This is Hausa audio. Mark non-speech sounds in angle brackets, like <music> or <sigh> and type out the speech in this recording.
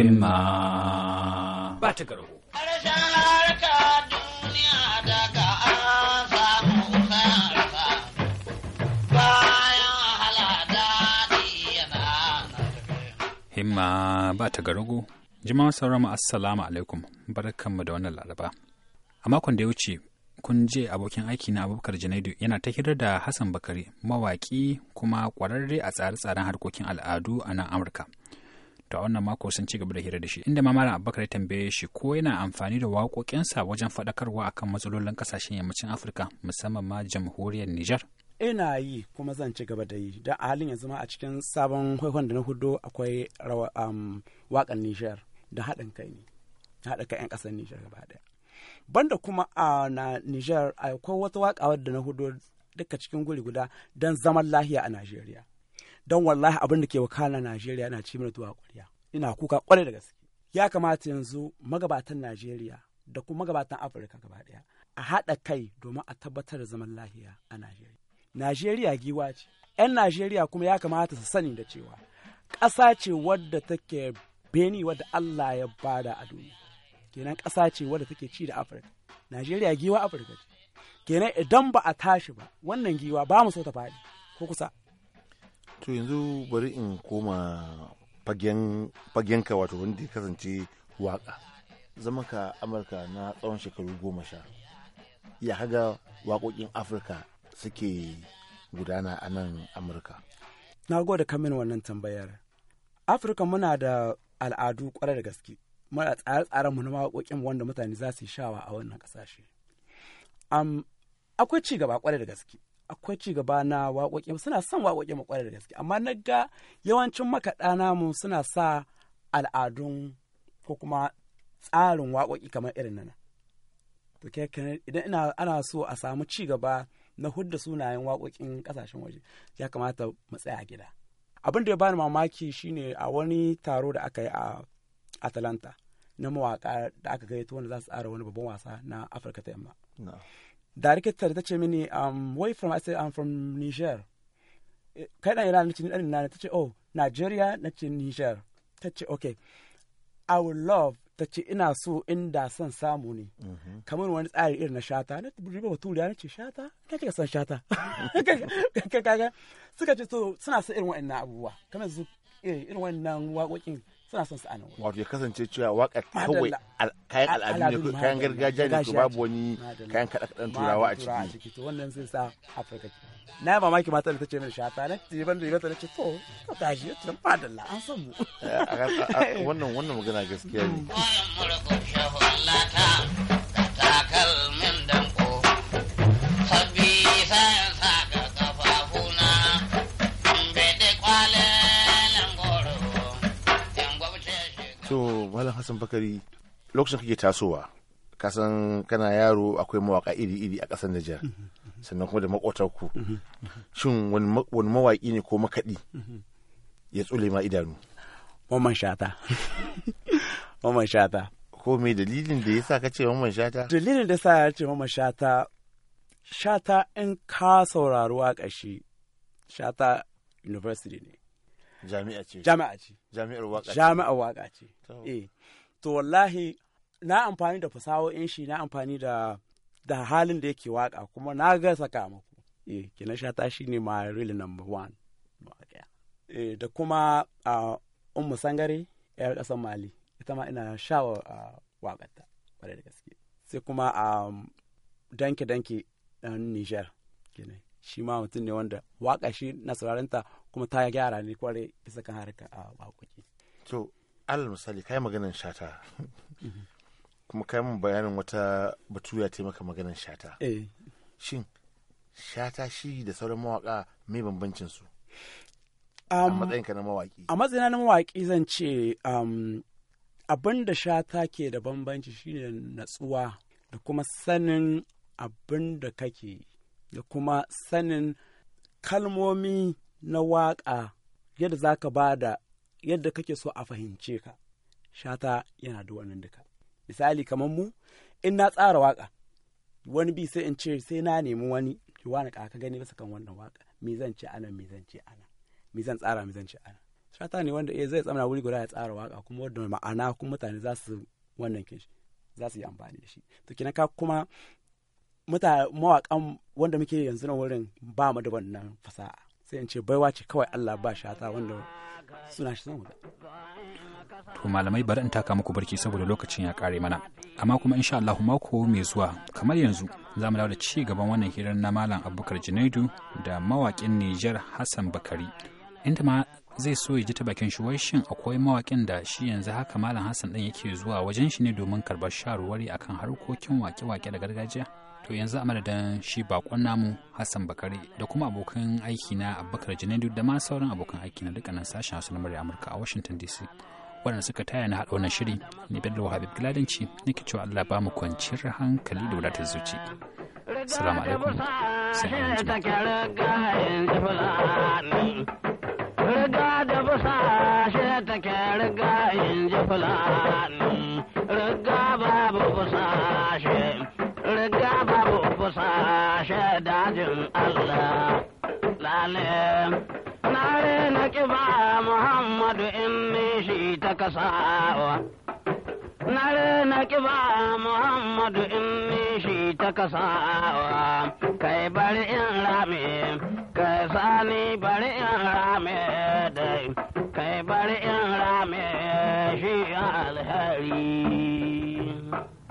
himma ba ta garho. Himma ba ta garugu. jima sauramu assalamu alaikum barkanmu da wannan laraba. A makon da ya wuce kun je abokin aiki na abubakar janaidu yana ta hirar da hassan bakari mawaki kuma kwararre a tsare-tsaren harkokin al'adu a nan amurka to a wannan mako sun ci gaba da hira da shi inda ma abubakar ya tambaye shi ko yana amfani da waƙoƙinsa wajen faɗakarwa akan matsalolin ƙasashen yammacin afirka musamman ma jamhuriyar nijar ina yi kuma zan ci gaba da yi da a halin yanzu ma a cikin sabon haihuwan da na hudu akwai waƙar nijar da haɗin kai ne haɗa kan 'yan ƙasar nijar gaba ɗaya banda kuma a na nijar akwai wata waƙa wadda na hudu duka cikin guri guda don zaman lahiya a najeriya don wallahi abin da ke wakana Najeriya na ci mini tuwa ƙwarya ina kuka ƙware da gaske ya kamata yanzu magabatan Najeriya da kuma magabatan Afirka gaba ɗaya a haɗa kai domin a tabbatar da zaman lafiya a Najeriya Najeriya giwa ce 'yan Najeriya kuma ya kamata su sani da cewa ƙasa ce wadda take beni wadda Allah ya bada a duniya kenan ƙasa ce wadda take ci da Afirka Najeriya giwa Afirka ce kenan idan ba a tashi ba wannan giwa ba mu so ta faɗi ko kusa to yanzu bari in koma fagen ka wato wanda ya kasance waka zama ka amurka na tsawon shekaru goma sha ya haga waƙoƙin afirka suke gudana a nan amurka na gode kamin wannan tambayar afirka muna da al'adu kwarai da gaske muna tsare-tsaren mu na waƙoƙin wanda mutane za su yi shawa a wannan ƙasashe akwai ci gaba kwarai da gaske akwai cigaba na waƙoƙi suna son waƙoƙi mu da gaske amma na ga yawancin makaɗa namu suna sa al'adun ko kuma tsarin waƙoƙi kamar irin nan to idan ina ana so a samu ci gaba na hudda sunayen waƙoƙin ƙasashen waje ya kamata mu tsaya gida abin da ya bani mamaki shine a wani taro da aka yi a atalanta na mawaƙa da aka gaito wanda za su tsara wani babban wasa na afirka ta yamma Darikatar ta ce mini um, where from I said I'm from Niger kai yana Iran ne dan Iran ta ce oh Nigeria na ce Niger ta ce okay I would love ta ce ina so inda son samu ne mhm. kamar wani tsari irin na shata na riba wa turiya na ce shata ka ce ka san shata <laughs> kaga suka ce so suna son irin na abubuwa kamar su eh, irin wannan waƙoƙin suna son su anan wuri wato ya kasance cewa waka kawai kayan al'adu ne kayan gargajiya ne to babu wani kayan kaɗa kaɗan turawa a ciki to wannan zai sa afirka na yi mamaki mata da ta ce min shata na ce ban da ibata na ce to ta gashi ya tun fadalla an san mu eh, wannan wannan magana gaskiya ne Hassan Bakari lokacin kake tasowa kasan kana yaro akwai mawaka iri-iri a ƙasar Nijar sannan kuma da ku shin wani mawaki ne ko makaɗi ya tsule ma idanu Maman shata Maman shata ko me dalilin da ya sa ka ce Maman shata dalilin da sa ya ce Maman shata shata in ka saurari waƙa shi shata university ne jami'a ce jami'a ce jami'ar waka jami'ar waka ce eh to wallahi na amfani da fasahohin shi na amfani da da halin da yake waka kuma na ga sakamako eh kina sha ta shine ma real number one eh da kuma a ummu sangare yar kasar mali ita ma ina shawa ta kwarai da gaske sai kuma a um, danke danke niger kenan shi ma mutum ne wanda waka shi na ta kuma ta gyara ne kwarai bisa kan harka a ah, waƙoƙi. to alal misali kai maganin shata mhm. kuma kai mun bayanin wata batu ya taimaka maganin shata eh. shin shata shi da sauran mawaka mai bambancin su a matsayinka na mawaki a matsayina na mawaki zan ce abin da shata ke da bambanci ne natsuwa da kuma sanin abin da kake da kuma sanin kalmomi na waƙa yadda za ka ba da yadda kake so a fahimce ka shata yana da wannan duka misali kamar mu in na tsara waƙa wani bi sai in ce sai na nemi wani wani ka ka gani bisa kan wannan waƙa me zan ce ana me zan ce ana me zan tsara me zan ce ana shata ne wanda eh, zai tsamana wuri guda ya tsara waƙa kuma wanda ma'ana kuma mutane za su wannan kin za su yi amfani da shi to kina ka kuma muta mawakan wanda muke yanzu na wurin ba mu da wannan fasaha sai in ce baiwa ce kawai Allah ba shata wanda suna shi zan To malamai bari in taka muku barki saboda lokacin ya kare mana. Amma kuma insha Allah mako mai zuwa kamar yanzu za mu dawo da ci gaban wannan hirar na Malam Abubakar Junaidu da mawakin Nijar Hassan Bakari. Inda ma zai so ya ji ta bakin shi wai shin akwai mawakin da shi yanzu haka Malam Hassan ɗin yake zuwa wajen shi ne domin karɓar shawarwari akan harkokin wake-wake da gargajiya. to yanzu a madadin shi bakon namu hassan bakare da kuma abokan aiki na abubakar janaidu da ma sauran abokan aiki na dukkanin sashen hasu na murya amurka a washington dc waɗanda suka taya na haɗa wannan shiri ne bello habib giladanci nake cewa allah ba mu kwanciyar hankali da wadatar zuci salamu alaikum sai shi fulani ta kasawa. Nare na kiba Muhammadu in ni shi ta kasawa, kai bari in rame, kai sani bari in rame dai, kai bari in rame shi